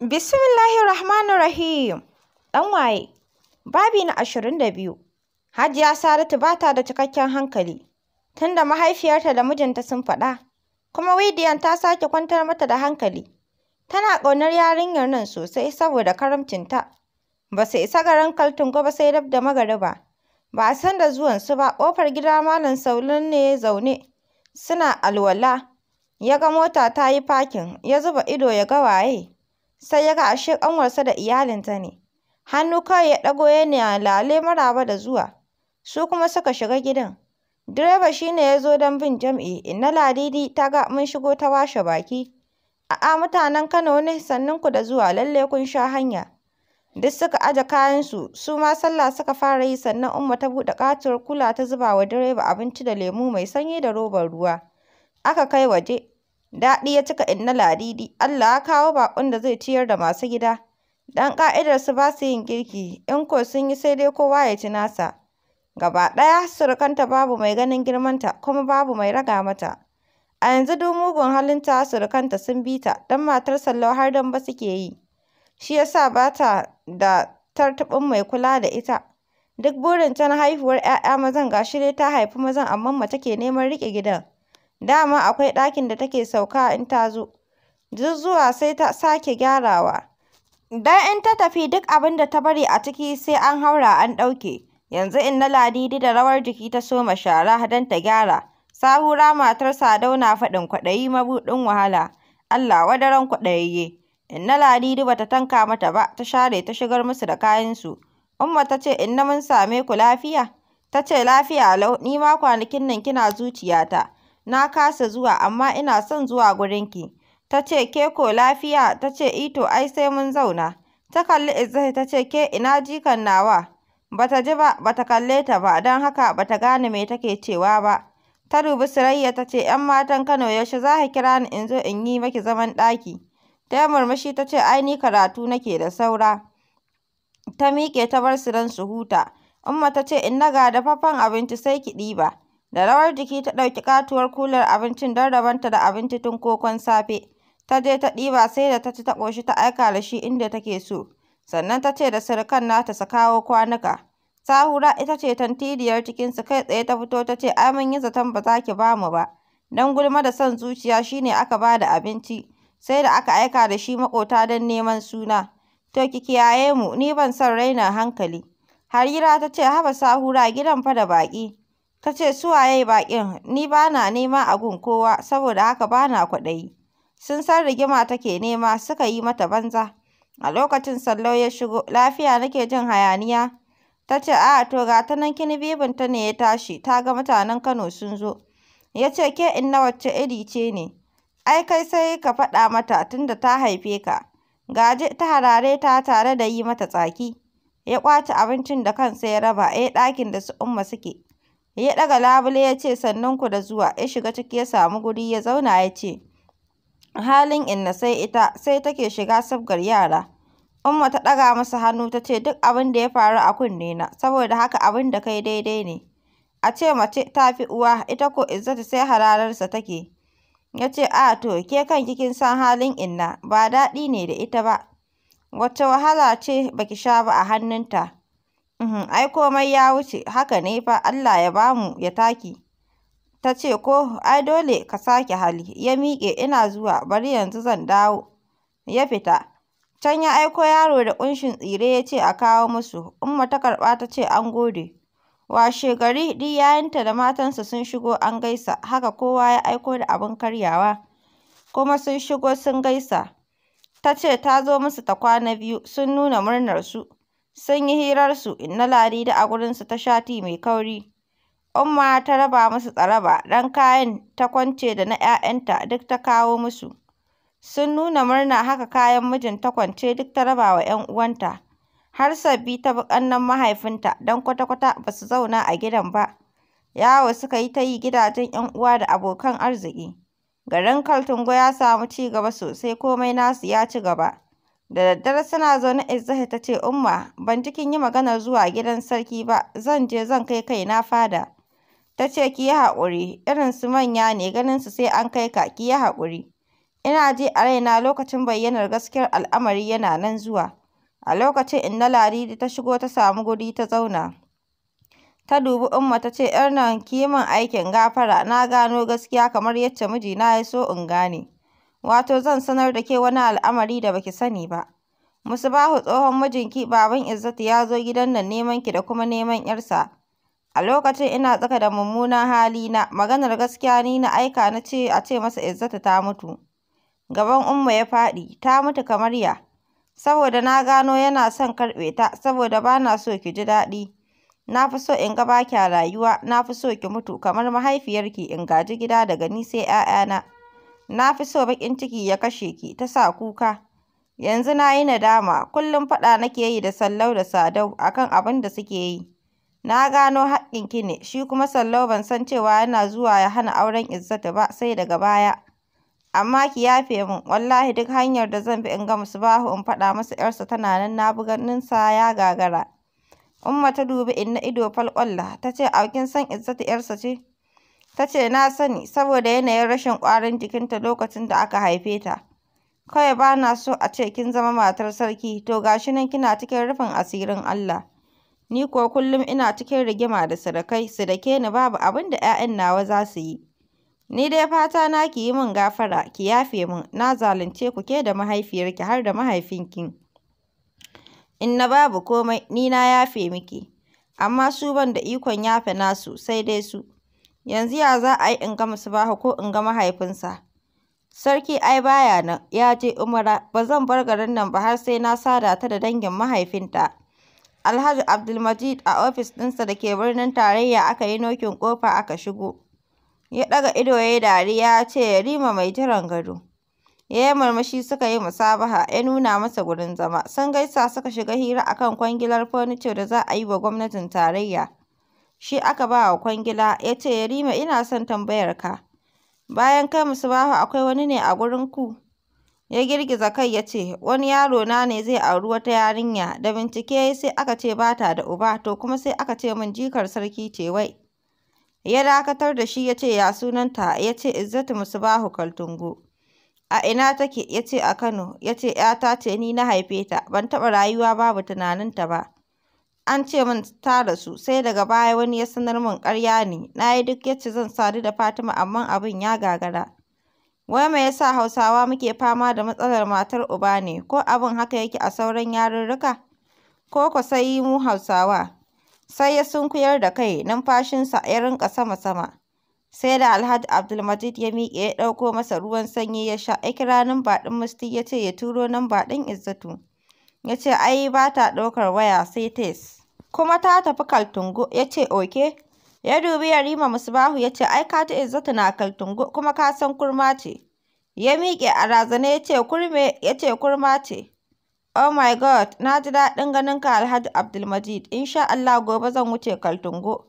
Bismillahir Rahmanir Rahim. Ɗan waye? Babi na ashirin da biyu. Hajiya Saratu ba ta da cikakken hankali, tunda mahaifiyarta da mijinta sun faɗa, kuma Widiyan ta sake kwantar mata da hankali. Tana ƙaunar yarinyar nan sosai saboda karamcinta. Ba su isa garin Kaltungo ba sai dab da magariba. Ba a san da zuwan su ba, ƙofar gida Malam Saulun ne zaune. Suna alwala, ya ga mota ta yi fakin, ya zuba ido ya ga waye. sai ya ga ashe ƙanwarsa da iyalinta ne. Hannu kawai ya ɗago yana lale maraba da zuwa, su kuma suka shiga gidan. Direba shi ne ya zo don bin jam'i, Inna Ladidi ta ga mun shigo ta washe baki. A'a mutanen Kano ne sannan ku da zuwa lalle kun sha hanya. Duk suka aje kayansu, su ma sallah suka fara yi sannan Umma ta buɗe katuwar kula ta zuba wa direba abinci da lemu mai sanyi da robar ruwa. Aka kai waje. Daɗi ya cika inna Ladidi, Allah ya kawo baƙon da zai ciyar da masu gida. Dan ƙa'idar ba su yin girki, in ko sun yi sai dai kowa ya ci nasa. Gaba ɗaya surukanta babu mai ganin girmanta kuma babu mai raga mata. A yanzu duk mugun halinta surukanta sun bi ta, don matar Sallau har dan ba suke yi. Shi ya ba ta da tartubin mai kula da ita. Duk burinta na haihuwar ‘ya'ya mazan ga shi dai ta haifi mazan amma mace ke neman riƙe gidan. Da ma akwai ɗakin da take sauka in ta zo, zuwa sai ta sake gyarawa, don in ta tafi duk abin da ta bari a ciki sai an haura an ɗauke. Yanzu Inna Ladidi da rawar jiki ta soma shara don ta gyara. Sahura matar Sadau na faɗin kwaɗayi mabuɗin wahala, Allah wadaran kwaɗayayye. Inna Ladidi ba ta tanka mata ba, ta share ta shigar musu da kayansu. Umma ta ce, Inna mun same ku lafiya? Ta ce, lafiya lau, ni ma kwanakin nan kina zuciyata. na kasa zuwa amma ina son zuwa gurinki. Ta ce ke ko lafiya? Ta ce ito. Eh ai sai mun zauna. Ta kalli Izzati ta ce ke ina jikan nawa? Ba ta ji ba, ba ta kalle ta ba, don haka ba ta gane me take cewa ba. Ta dubi Sirayya ta ce ‘yan matan Kano yaushe za ki kira ni in zo in yi maki zaman ɗaki? Ta yi murmushi ta ce ai ni karatu nake da saura. Ta miƙe ta bar su don su huta. Umma ta ce in na ga dafaffen abinci sai ki ɗiba. Da rawar jiki ta ɗauki katuwar kular abincin don rabonta da abinci tun kokon safe. Ta je ta ɗiba sai da ta ci ta ƙoshi ta aika da shi inda take so. Sannan ta ce da surukan nata su kawo kwanuka. Sahura ita ce tantiriyar cikinsu kai tsaye ta fito ta ce ai mun yi zaton ba za ki ba mu ba. Don gulma da son zuciya shine aka ba da abinci. Sai da aka aika da shi maƙota don neman suna. To ki kiyaye mu, ni ban son raina hankali. Harira ta ce haba sahura gidan fa da baƙi. Ta ce su waye baƙin, ni ba na nema a kowa, saboda haka ba na kwaɗayi. Sun san rigima take nema, suka yi mata banza. A lokacin Sallau ya shigo, lafiya nake jin hayaniya. Ta ce a to ga ta nan kini ta ne ya tashi, ta ga mutanen Kano sun zo. Ya ce ke inna wacce iri ce ne? Ai kai sai ka faɗa mata tunda ta haife ka. Gaje ta harare ta tare da yi mata tsaki. Ya ƙwace abincin da kansa ya raba, a eh, ɗakin da su Umma suke. Ya ɗaga labule ya ce sannan ku da zuwa, ya shiga ciki ya samu guri ya zauna ya ce, halin inna sai ita sai take shiga sabgar yara. Umma ta ɗaga masa hannu ta ce duk abin da ya faru a kunne na, saboda haka abin da kai daidai ne. A ce mace ta fi uwa, ita ko izzata sai hararsa take. Ya ce a to ke kan kin san halin inna, ba daɗi ne da ita ba. Wace wahala ce baki sha ba a hannunta. Uhm, ai komai ya wuce, haka ne fa, Allah ya bamu ya taki Ta ce ko, ai dole ka sake hali, ya miƙe ina zuwa, bari yanzu zan dawo. Ya fita. Can ya aiko yaro da kunshin tsire ya ce a kawo musu, Umma ta karɓa ta ce an gode. Washegari yayinta da matansa sun shigo an gaisa, haka kowa ya aiko da abin karyawa, kuma sun shigo sun gaisa. Ta ce ta zo musu ta kwana biyu, sun nuna murnarsu. Sun yi hirarsu, inna Ladidi a gurinsu ta sha ti mai kauri. Umma ta raba musu tsaraba, don kayan ta kwance da na 'ya'yanta duk ta kawo musu. Sun nuna murna haka kayan mijin ta kwance duk ta raba wa 'yan uwanta. Har sabbi ta bi ƙannen mahaifinta don kwata-kwata ba su zauna a gidan ba. Yawo suka yi ta yi gidajen 'yan uwa da abokan arziki. Garin Kaltungo ya samu ci gaba sosai, komai nasu ya ci gaba. Da daddare suna zaune Izzahi ta ce, Umma, ban cikin yi maganar zuwa gidan sarki ba, zan je zan kai kai na fada. Ta ce, ki yi haƙuri, irin su manya ne ganin su sai an kai ka, ki yi haƙuri. Ina ji a raina lokacin bayyanar gaskiyar al'amari yana nan zuwa. A lokacin in na Ladidi ta shigo ta samu guri ta zauna. Ta dubi Umma ta ce, ‘yar nan ki yi min aikin gafara, na gano gaskiya kamar yadda mijina ya so in gane. wato zan sanar da ke wani al'amari da baki sani ba. Musbahu tsohon mijinki baban Izzatu ya zo gidan nan neman ki da kuma neman 'yarsa. A lokacin ina tsaka da mummunan hali na maganar gaskiya ni na aika na ce a ce masa Izzatu ta mutu. Gaban Umma ya faɗi, ta mutu kamar ya. Saboda na gano yana son karɓe ta, saboda ba na so ki ji daɗi. Na fi so in ga ba a rayuwa, na fi so ki mutu kamar mahaifiyarki in gaji gida daga ni sai 'ya'yana. Na fi so baƙin ciki ya kashe ki, ta sa kuka. Yanzu na yi nadama, kullum faɗa nake yi da Sallau da Sadau akan abin da suke yi. Na gano ki ne, shi kuma Sallau ban san cewa yana zuwa ya hana auren Izzatu ba sai daga baya. Amma ki yafe min, wallahi duk hanyar da zan bi in ga Musbahu in faɗa masa 'yarsa tana nan na bi ganinsa ya gagara. Umma ta dubi Inna ido falƙwalla ta ce, aukin san Izzatu 'yarsa ce? Ta ce na sani saboda yanayin rashin ƙwarin jikinta lokacin da aka haife ta. Kawai ba na so a ce kin zama matar sarki to gashi shi nan kina cikin rufin asirin Allah. Ni kuwa kullum ina cikin rigima da sadakai, sadake ni babu abin da 'ya'yan nawa za su yi. Ni dai fata na ki yi min gafara, ki yafe min, na zalunce ku ke da mahaifiyarki har da mahaifinki. In na babu komai, ni na yafe miki. Amma su ban da ikon yafe nasu, sai dai su. Yanzu ya za a yi in ga Misbahu ko in ga mahaifinsa? Sarki ai baya nan, ya je Umara, ba zan bar garin nan ba har sai na sada ta da dangin mahaifinta. Alhaji Abdulmajid a ofis ɗinsa da ke birnin tarayya aka yi nokin kofa aka shigo. Ya ɗaga ido ya yi ya ce Yarima mai jiran gado. Ya yi murmushi suka yi musabaha ya nuna masa gurin zama. Sun gaisa suka shiga hira akan kwangilar furniture da za a yi wa gwamnatin tarayya. shi aka ba wa kwangila, ya ce, Yarima ina son tambayar ka, bayan kai bahu akwai wani ne a ku? Ya girgiza kai ya ce, wani yaro na ne zai auri wata yarinya, da bincike sai aka ce ba ta da uba, to kuma sai aka ce min jikar sarki ce wai. Ya dakatar da shi ya ce, ya sunanta, ya ce, Izzatu bahu Kaltungo. A ina take? Ya ce, a Kano. Ya ce, ‘yata ce ni na haife ta, ban taɓa rayuwa babu tunaninta ba. an ce min ta rasu, sai daga baya wani ya sanar min ƙarya ne, na yi duk yace zan sadu da Fatima amma abin ya gagara. Wai me yasa Hausawa muke fama da matsalar matar uba ne, ko abin haka yake a sauran yarurruka? Ko ko sai mu Hausawa? Sai ya sunkuyar da kai, numfashinsa ya rinka sama-sama. Sai da Alhaji Abdulmajid ya miƙe ya ɗauko masa ruwan sanyi ya sha, ya kira namba ɗin Musti ya ce ya turo nan ɗin Izzatu. Ya ce ai ba ta ɗaukar waya sai tes. kuma ta tafi kaltungu, ya ce oke. Ya dubi Yarima Musbahu ya ce ai ka ta Izzatu na kaltungu kuma ka san kurma ce. Ya miƙe a razane ya ce kurme ya ce kurma ce. Oh my God, na ji daɗin ganin ka Alhaji Abdulmajid, insha Allah gobe zan wuce kaltungu.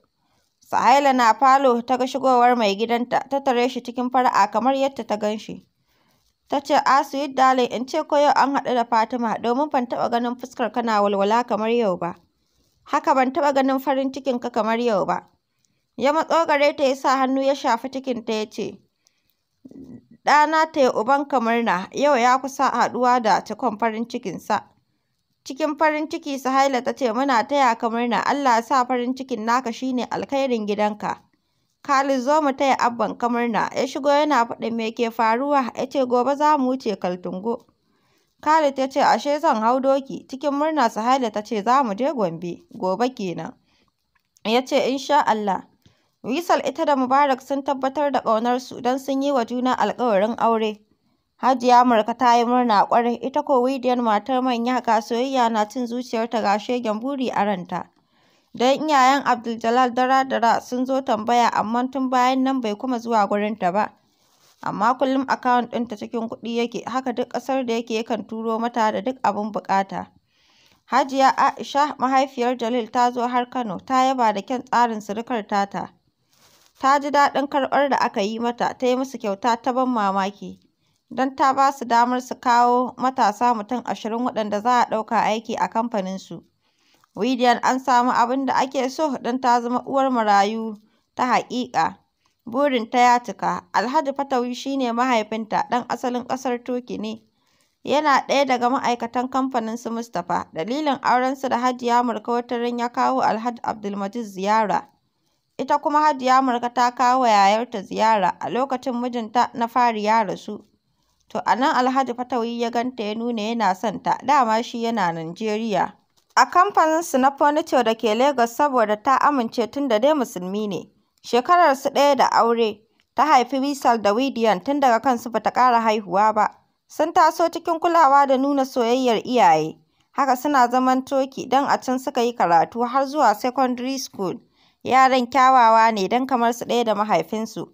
Sahaila na falo ta ga shigowar mai gidanta, ta tare shi cikin fara'a kamar yadda ta gan shi. Ta ce, a Asu, yi in ce ko yau an haɗu da Fatima, domin ban taɓa ganin fuskar kana walwala kamar yau ba. haka ban taɓa ganin farin cikinka kamar yau ba. Ya matso gare ta ya sa hannu ya shafi cikinta ya ce, ɗana ta uban kamar na, yau ya kusa haɗuwa da cikon farin cikinsa. Cikin farin ciki Suhaila ta ce muna taya kamar na, Allah sa farin cikin naka shine alkhairin gidanka. Khalid zo mu taya abban kamar na, ya shigo yana faɗin me ke faruwa, ya ce gobe za mu wuce Kaltungo. Khalid ya ce ashe zan hau doki, cikin murna Suhaila ta ce za mu je Gombe, gobe kenan. Ya ce insha Allah. Wisal ita da Mubarak sun tabbatar da ƙaunarsu don sun yi wa juna alƙawarin aure. Hajiya Amurka ta yi murna ƙwarai, ita ko Widiyar matar manya ga soyayya na cin zuciyarta ga shegen buri a ranta. Don iyayen Abdul dara-dara sun zo tambaya amma tun bayan nan bai kuma zuwa gurinta ba. amma kullum akawun ɗinta cikin kuɗi yake, haka duk ƙasar da yake yakan turo mata da duk abin buƙata. Hajiya Aisha mahaifiyar Jalil ta zo har Kano ta yaba da kyan tsarin surukar tata. Ta ji daɗin karɓar da aka yi mata, ta yi musu kyauta ta ban mamaki, don ta ba su damar su kawo matasa mutum ashirin waɗanda za a ɗauka aiki a kamfaninsu. Widiyan an samu abin da ake so don ta zama uwar marayu ta haƙiƙa. Burinta ya cika, Alhaji Fatawi shi ne mahaifinta ɗan asalin ƙasar Turki ne. Yana ɗaya daga ma'aikatan kamfanin su Mustapha. Dalilin aurensu da Hajiya Amurka ran ya kawo Alhaji Abdulmajid ziyara. Ita kuma Hajiya Amurka ta kawo yayarta ziyara a lokacin mijinta na fari ya rasu. To a nan Alhaji Fatawi ya ganta ya nuna yana son ta, dama shi yana Najeriya. A kamfaninsu na furniture da ke Lagos saboda ta amince tun da dai musulmi ne. Shekarar su ɗaya da aure, ta haifi Weasel da Gideon tun daga kansu ba ta ƙara haihuwa ba. Sun taso cikin kulawa da nuna soyayyar iyaye, haka suna zaman toki, don a can suka yi karatu har zuwa secondary school. Yaran kyawawa ne don kamar su ɗaya da mahaifinsu.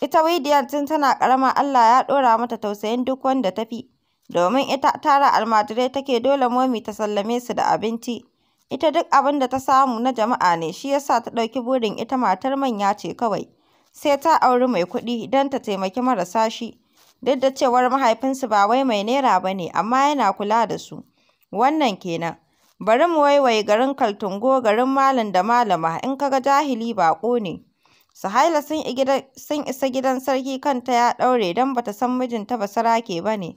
Ita Gideon tun tana ƙarama Allah ya ɗora mata tausayin duk wanda ta fi, domin ita tara almajirai take dole momi ta sallame su da abinci. Ita duk abin da ta samu na jama'a ne, shi yasa ta ɗauki burin ita matar manya ce kawai, sai ta auri mai kuɗi don ta taimaki marasa shi. Duk da cewar mahaifinsu ba wai mai naira ba ne, amma yana kula da su. Wannan kenan. Bari mu waiwaye garin Kaltungo, garin malam da malama, in ka ga jahili baƙo ne. Suhaila sun isa gidan sarki kanta ya ɗaure don bata san mijinta basarake ba ne,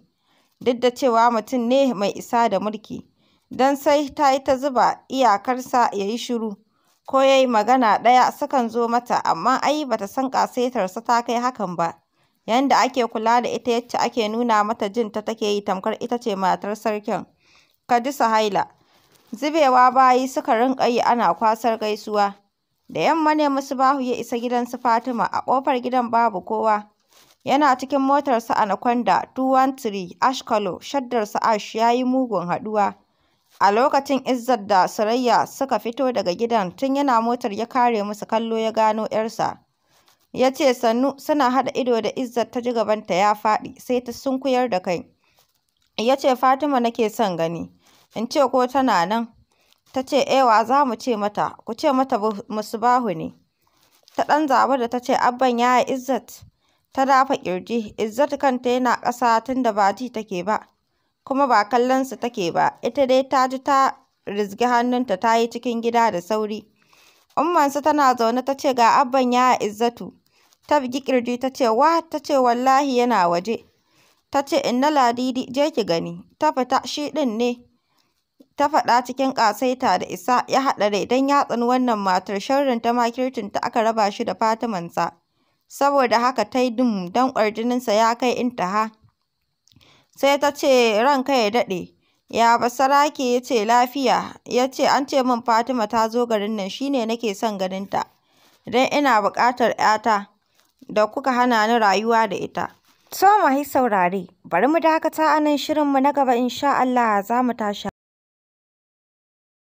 duk da cewa mutum ne mai isa da mulki. don sai ta yi ta zuba iyakarsa ya yi shiru, ko ya yi magana ɗaya sukan zo mata, amma ai ba ta san ƙasaitarsa ta kai hakan ba, yanda ake kula da ita yacce ake nuna mata jin ta take yi tamkar ita ce matar sarkin. Ka ji Sahaila, zubewa bayi suka rinƙa yi ana kwasar gaisuwa. Da yamma ne bahu ya isa gidan su Fatima, a ƙofar gidan babu kowa. Yana cikin motarsa Anaconda 213 Ashkalo, shaddarsa ash ya yi mugun haɗuwa. A lokacin Izzat da Sarayya suka fito daga gidan, tun yana motar ya kare musu kallo ya gano 'yarsa. Ya ce sannu, suna haɗa ido da Izzat ta ji gabanta ya faɗi, sai ta sunkuyar da kai. Ya ce Fatima nake son gani, in ce ko tana nan? Ta ce ewa eh, za mu ce mata, ku ce mata musu bahu ne. Ta ɗan zaba da ta ce abban yaya Izzat. Ta dafa ƙirji, Izzat kanta yana ƙasa tun da ba ji take ba. kuma ba kallon su take ba, ita dai ta ji ta rizgi hannunta ta yi cikin gida da sauri. Ummansu tana zaune ta ce ga abban ya Izzatu. Ta bugi ƙirji ta ce wa ta ce wallahi yana waje. Ta ce inna ladidi je ki gani. Ta fita shi ɗin ne. Ta faɗa cikin ƙasaita da isa ya haɗa rai don ya tsani wannan matar sharrin ta ma ta aka raba shi da Fatimansa. Saboda haka ta yi dum don ƙwarjininsa ya kai intaha. sai ta ce ranka ya daɗe. Ya basarake ya ce lafiya, ya ce an ce min Fatima ta zo garin nan shi ne nake son ganinta, don ina buƙatar ‘yata da kuka hana ni rayuwa da ita. So mahi saurare, bari mu dakata a nan shirinmu na gaba insha Allah za mu tashi